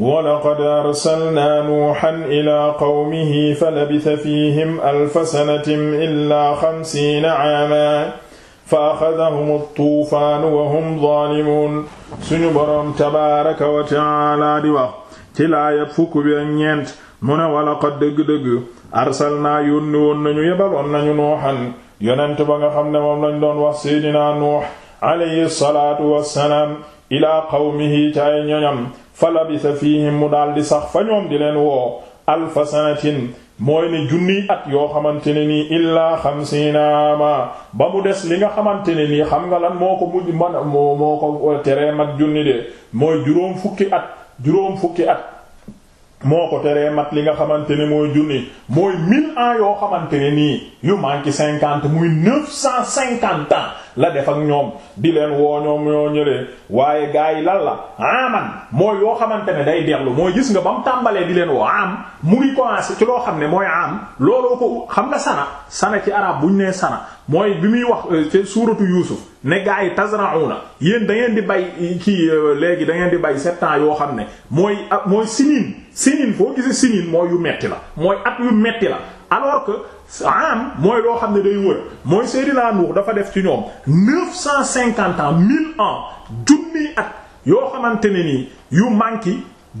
walaqad arsalnaa nuuhan ilaa qawmihi falabisa fiihim alfa sanatin illaa xamsiina caaman fa axadahum tuufaanu wa hum zaalimuun suñu boroom tabaaraka wa taala di wax ci laaya fukk bi ak ñeent mu ne walaqad dëgg-dëgg arsalnaa yónni woon nañu yebaloon nañu nuuhan yonent ba nga xam ne moom lañ doon wax seydinaa nuux alayhi salaatu wassalaam ilaa qawmihi tay ñoñam fa labisa fiihim mu daal di sax fa ñoom di leen woo alfa sanatin mooy ne at yoo xamante ne nii illaa xamsiina ama ba mu des li nga xamante ne nii xam nga lan moo ko mujj man moo ko teree mat junni de mooy juróom fukki at juróom fukki at moo ko teree mat li nga xamante ne mooy junni mooy mille ans yoo xamante ne nii yu manqué cinquante muy neuf cent cinquante an la def ak ñoom di leen woo ñoom ñoo ñëlee waaye gars yi lan la aman mooy yoo xamante ne day dellu mooy gis nga ba mu tàmbalee di leen woo am mu ngi commencé ci loo xam ne mooy am looloo ko xam nga sana sana ci arab bu ñu nee sana mooy bi muy wax euh, ci suuratu Yuusuf ne gaa yi tasrauna yéen da ngeen di bay kii euh, léegi da ngeen di bay sept yoo xam ne mooy ah, mooy sinin sinin foo gisee sinin mooy yu metti la mooy at yu metti la alors que am mooy loo xam ne day wër mooy Seydina Nuux dafa def ci ñoom neuf cent cinquante ans mille ans junniy at yoo xamante ne nii yu manqué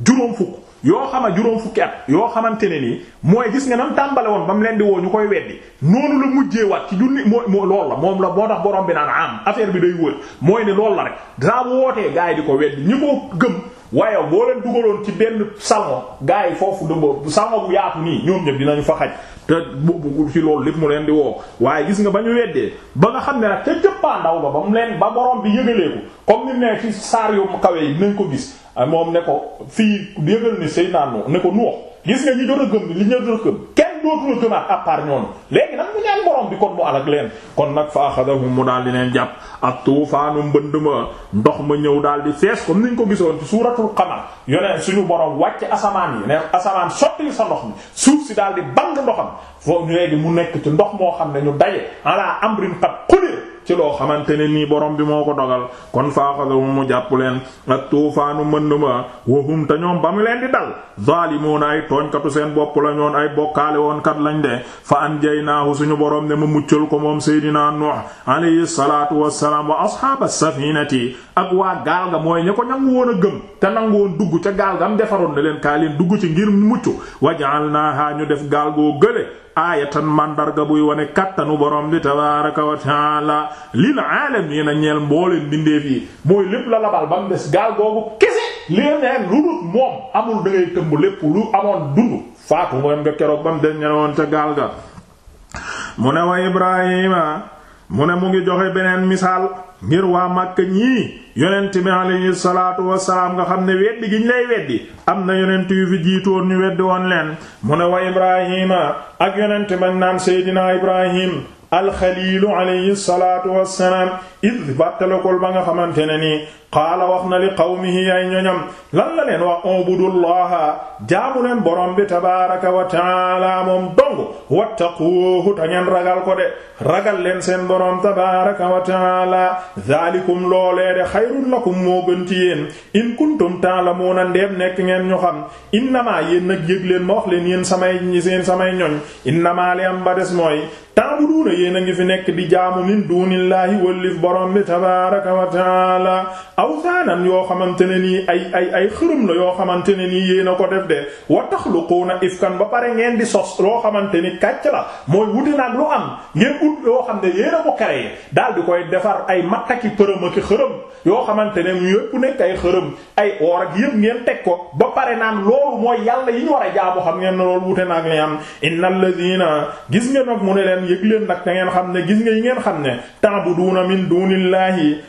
juróom fukk yoo xama juróom fukki yoo xamante ne nii mooy gis nga nam tàmbale woon ba mu leen di woo ñu koy weddi noonu la mujjee waat ci junni moo moo loolu la moom la moo tax boroom bi naan am affaire bi day wër mooy ne loolu la rek daa wootee gars yi ko weddi ñi ko gëm waaye boo leen dugaloon ci benn salon gars yi foofu dëmb salon bu yaatu nii ñoom ñëpp dinañu fa xaj te bu ci loolu mu leen di woo waaye gis nga ba ñu weddee ba nga xam ne nag ca jëppaandaw ba ba mu leen ba borom bi yëgaleeku comme ni ne ci saar yu kawe yi nañ ko gis Ah, moom ne ko fii yëgal ni Seydina Nuux ne ko Nuux gis nga ñi doon a gëm li ñu doon a gëm kenn dootu la gëmaat à part nag mu ñaan borom bi kon mu alak leen kon nag fa axadahum mu daal di leen jàpp ak tuufaanu mbënd ma ndox ma ñëw daal di fees comme niñ ko gisoon ci suuratul xamar yoneen suñu borom wàcc asamaan yi ne asamaan sotti sa ndox mi suuf si daal di bang ndoxam foofu léegi mu nekk ci ndox moo xam ne ñu daje ala amrin qad qudir ci loo xamante ne nii borom bi moo ko dogal kon faaxasawum mu jàppu leen ak tuufaanu mën ma wahum te ñoom ba mu leen di dal zaalimuuna ay tooñkatu seen bopp la ñoon ay bokkaale woon kat lañ de fa anjaynaahu suñu borom ne ma muccal ko moom seydinaa nuux alayhi salaatu wassalaam wa ashaaba safinati ak waa gaal ga mooy ña ko ñangu woon a gëm te nangoon dugg ca gaal gam defaroon ne leen kaa dugg ci ngir mucc waja'alnaaha ñu def gaal goo gële aayatan mandarga buy wane kàttanu borom di tabaaraka wa taala lil aalamiina ñeel mbooleen bindeef yi mooy lépp la labal ba mu des gaal googu kese leen neen lu dul moom amul da tëmb lépp lu amoon dund faatu moom nga keroog ba mu des ñenewoon ca gaal ga mu ne wa Ibrahima mu ne mu ngi joxe beneen misaal ngir waa Makka ñii yonent bi alayhi salaatu wasalaam nga xam ne weddi giñ lay weddi am na yonent yu fi jiitoon ñu weddi woon leen mu ne wa ibrahima ak yonent mag naan seydinaa ibrahim alxaliilu alayhi salaatu wasalaam id battalakol ba nga xamante ne nii qaala wax na li qawmihi ay ñoñam lan la leen wax ubudullaha jaamu leen borom bi tabaaraka wa taala moom dong wattaquuhu ta ngeen ragal ko de ragal leen seen borom tabaaraka wa taala zaalikum loolee de xayrun lakum moo gën ci in kuntum ta'lamuuna ndeem nekk ngeen ñu xam innamaa yéen nag yëg leen ma wax leen yéen samay ñoñ innamaa li am ba des mooy ta'buduuna yéen a ngi fi nekk di jaamu min duunillaahi wallif borom bi tabaaraka wa taala awsaanan yoo xamante ne nii ay ay ay xërëm la yoo xamante ne nii yéen a ko def de wa taxluquuna ifkan ba pare ngeen di sos loo xamante ni kàcc la mooy wuti nag lu am ngeen ut yoo ne yéen a ko créé di koy defar ay mattaki përëm ak xërëm yoo xamante ne yépp nekk ay xërëm ay oor ak yépp ngeen teg ko ba pare naan loolu mooy yàlla yi war a jaamu xam ngeen ne loolu wute nag li am innal ladina gis ngeen nag mu ne leen yëg leen nag da ngeen xam ne gis nga yi ngeen xam ne ta'buduna min dunillahi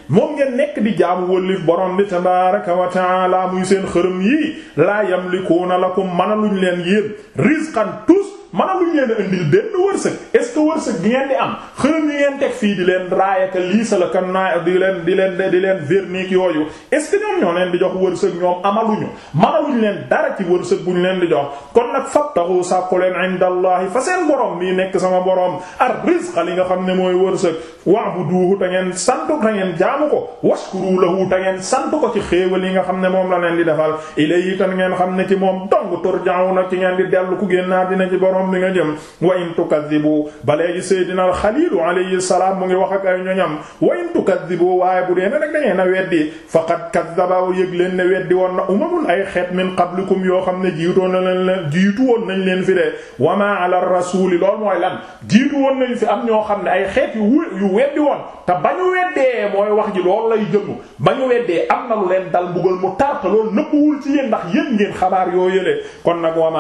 wëllif borom bi tabaaraka wa ta'ala muy seen xërëm yii laa yamlikuuna lakum mënaluñ leen yéen rizqan tous mana luñ leen a indil benn wërsëg est ce que wërsëg gi ngeen di am xërëm yi ngeen teg fii di leen raayaka liisa la kan naa di leen di leen di leen vernique yooyu est ce que ñoom ñoo leen di jox wërsëg ñoom amaluñu mana ñu leen dara ci wërsëg buñ leen di jox kon nag fabtahu sàkku leen inda allahi fa seen borom mii nekk sama borom ar rizqa li nga xam ne mooy wërsëg wa'buduhu ta ngeen santu ta ngeen jaamu ko waskuru lahu ta ngeen santu ko ci xéewal yi nga xam ne moom la leen di defal ilayhi tan ngeen xam ne ci moom dong turja'una ci ngeen di dellu ku génn dina ci borom bi nga jëm wa in tukadibu ba léegi Seydina Xaliilu alayhi salaam mu ngi wax ak ay ñoñam wa in tukadibu waaye bu dee nag da ngeen a weddi faqad kaddaba yëg leen ne weddi woon na ay xeet min qablikum yoo xam ne jiitoon na leen leen jiitu nañ leen fi de wa ma ala rasuli loolu mooy lan jiitu woon nañ fi am ñoo xam ne ay xeet yu yu weddi woon te ba ñu weddee mooy wax ji loolu lay jëm ba ñu weddee am na lu leen dal mbugal mu tarta loolu nëbbuwul ci yéen ndax yéen ngeen xabaar yoo yëlee kon nag wa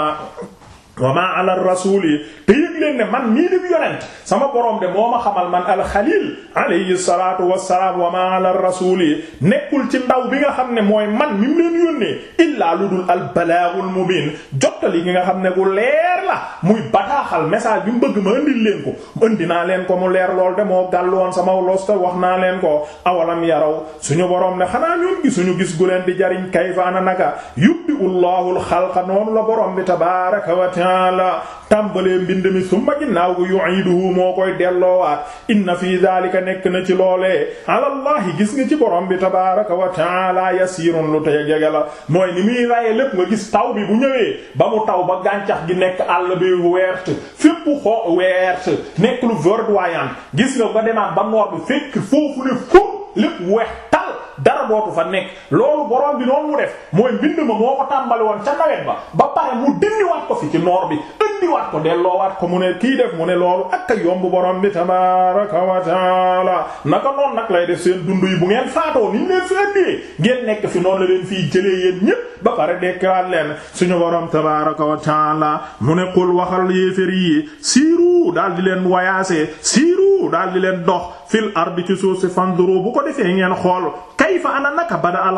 wa ma ala rasuli leen ne man nii dib yonent sama borom de moo xamal man alxalil alayhi salaatu wassalaam wa ma ala rasuli nekkul ci ndaw bi nga xam ne mooy man mi mu leen yónnee illaa lu dul al balaagul mubiin jottali gi nga xam ne ku leer la muy bataaxal message bi bëgg ma andil leen ko andi naa leen ko mu leer lool de moo gàll woon sama losta wax naa leen ko awalam yaraw suñu borom ne xanaa ñoom gisuñu gis gu leen di jariñ kayfa ana naka ullahu al noonu la borom bi tabaaraka wa tàmbalee mbind mi summa ginnaaw gu yu'iduhu moo koy delloowaat inna fii daalika nekk na ci loole alallahi gis nga ci borom bi tabaaraka wa ta'aala yasiirun lu tey jege la mooy ni muy raye lépp nga gis taw bi bu ñëwee ba mu taw ba gàncax gi nekk àll bi weert fépp xoo weert nekk lu verdoyant gis nga ba demaat ba noor bi fekk foofu ne foofu lépp weex dara dootu fa nekk loolu borom bi noonu mu def mooy mbind ma moo ko tàmbali woon ca nawet ba ba pare mu dindiwaat ko fi ci noor bi indiwaat ko delloowaat ko mu ne kii def mu ne loolu ak a yomb borom bi tabaaraka wa taala naka noonu nag lay def seen dund yi bu ngeen faatoo ni ñu leen fi andee ngeen nekk fi noonu la leen fiy jëlee yéen ñépp ba pare dekkiwaat leen suñu borom tabaaraka wa mu ne qul waxal yéefér yi siiru daal di leen wayaase siiru daal di leen dox fil ardi ci suuf si fanduru bu ko defee ngeen xool kayfa ana naka bada al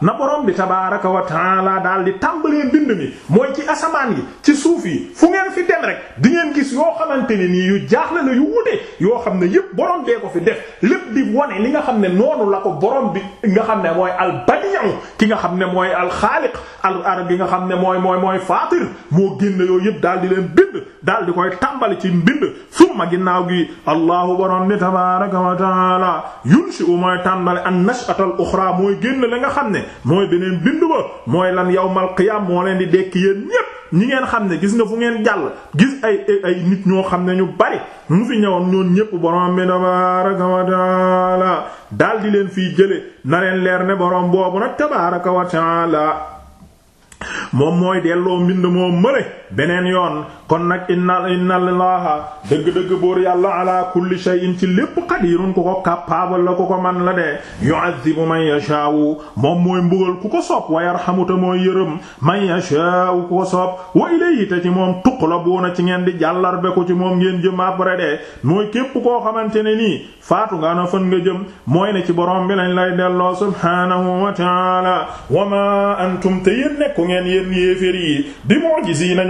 na borom bi tabaaraka wa taala daal di tàmbalee bind mi mooy ci asamaan yi ci suuf yi fu ngeen fi dem rek di ngeen gis yoo xamante ni nii yu jaaxle la yu wute yoo xam ne yépp borom bee ko fi def lépp di wone li nga xam ne noonu la ko borom bi nga xam ne mooy al badi'u ki nga xam ne mooy al xaaliq al ar gi nga xam ne mooy mooy mooy faatir moo génn yooyu yépp daal di leen bind daal di koy tàmbali ci mbind summa ginnaaw gi allahu borom bi tabaraka wa taala yunshi u mooy tàmbali an nash'ata al mooy génn la nga xam ne mooy beneen mbind ba mooy lan yawmal qiyam moo leen di dekk yéen ñépp ñi ngeen xam ne gis nga fu ngeen jàll gis ay nit ñoo xam ne ñu bari mu fi ñëwoon ñoon ñépp borom bi tabaraka wa taala leen fii jële na leen leer ne borom boobu nag tabaraka wa moom mooy delloo mbind moom mële beneen yoon kon nag inna inna allaha dëgg-dëgg buur yàlla ala kulli shay'in ci lépp qadirun ku ko capable la ku ko man la de yu'azzibu man yasha'u moom mooy mbugal ku ko sopp wa yarhamu te mooy yërëm man yasha'u ku ko sopp wa ilayhi te ci moom tuqlabuna ci ngeen di jàllar be ko ci moom ngeen jëm après de mooy képp koo xamante ne nii faatu nga na fan nga jëm mooy ne ci borom bi lañ lay delloo subhanahu wa ta'ala wa ma antum te yéen nekku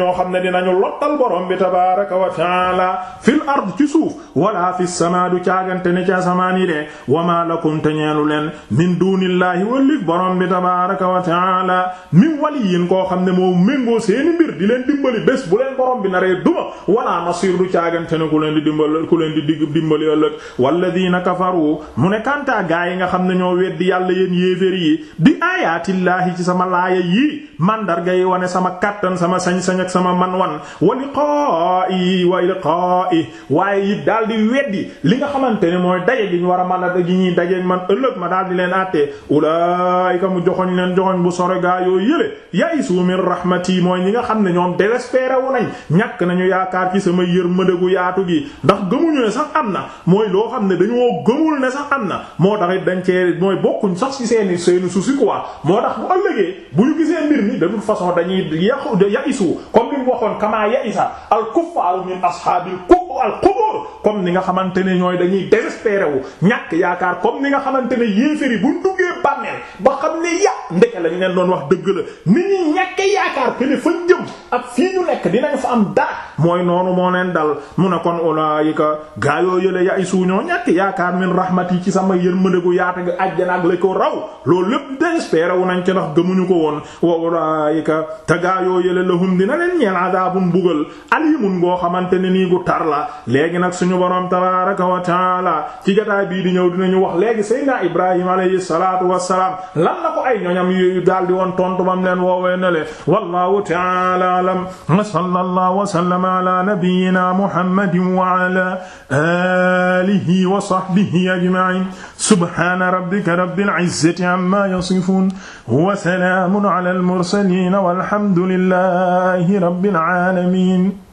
ñoo xam ne dinañu lottal borom bi tabaaraka wa taala fil ard ci suuf wala fi samaa du caagante ne ca asamaan yi de wa maa lakum te ñeelu leen min duunillaahi wallif borom bi tabaaraka wa taala min waliyin koo xam ne moo méngoo seeni mbir leen dimbali bés bu leen borom bi naree duma wala nasiir du caagante ne ku leen di dimbali ku leen di digg dimbali ëllëg walladiina kafaru mu ne kantaa gaa yi nga xam ne ñoo weddi yàlla yéen yéefér yi di aayaatillaahi ci sama laaya yi mandarga yi wane sama kattan sama sañ-sañ sama man wan wa liqaa'i wa liqaa'i waaye it daal di weddi li nga xamante ne mooy daje gi ñu war a mën a gi ñuy dajeeg man ëllëg ma daal di leen àttee ulaa'ika mu joxoñ leen joxoñ bu sore gaa yoo yële ya'isu min rahmati mooy ñi nga xam ne ñoom désespéré wu nañ ñàkk nañu yaakaar ci sama yërmande gu yaatu gi ndax gëmuñu ne sax am na mooy loo xam ne dañoo gëmul ne sax am na moo tax it dañ cee mooy bokkuñ sax ci seeni seeni souci quoi moo tax bu ëllëgee bu ñu gisee mbir mi de façon dañuy yàqu comme li mu waxoon kamaa ya'isa al kuffaaru min ashaabil qubur comme ni nga xamante ne ñooy dañuy désespéré wu ñàkk yaakaar comme ni nga xamante ne yéeféri buñ duggee bàmmeel ba xam ne ya ndeke lañu leen doon wax dëgg la ni ñuy ñàkke yaakaar këne jëm ak fii ñu nekk dinañ fa am dara mooy noonu moo leen dal mu ne kon ulaayika gaayoo yële ya isu ñoo ñàkk yaakaar min rahmat yi ci sama yërmande gu yaata nga àjjana ak la ko raw loolu lépp désespéré wu nañ ci ndax gëmuñu ko woon wa ulaayika te gaayoo yële lahum dina leen ñeel adaabun bugal alimun goo xamante ne nii gu tar la léegi nag suñu borom tabaaraka wasalaam lan la ko ay ñoñam yu daal di woon tontu bam leen woowee ne le wallahu ta'ala alam wa sallallahu wa sallama ala nabiyyina muhammadin wa ala alihi wa sahbihi ajma'in subhana rabbika rabbil izzati amma yasifun wa salamun ala al mursalin walhamdulillahi rabbil alamin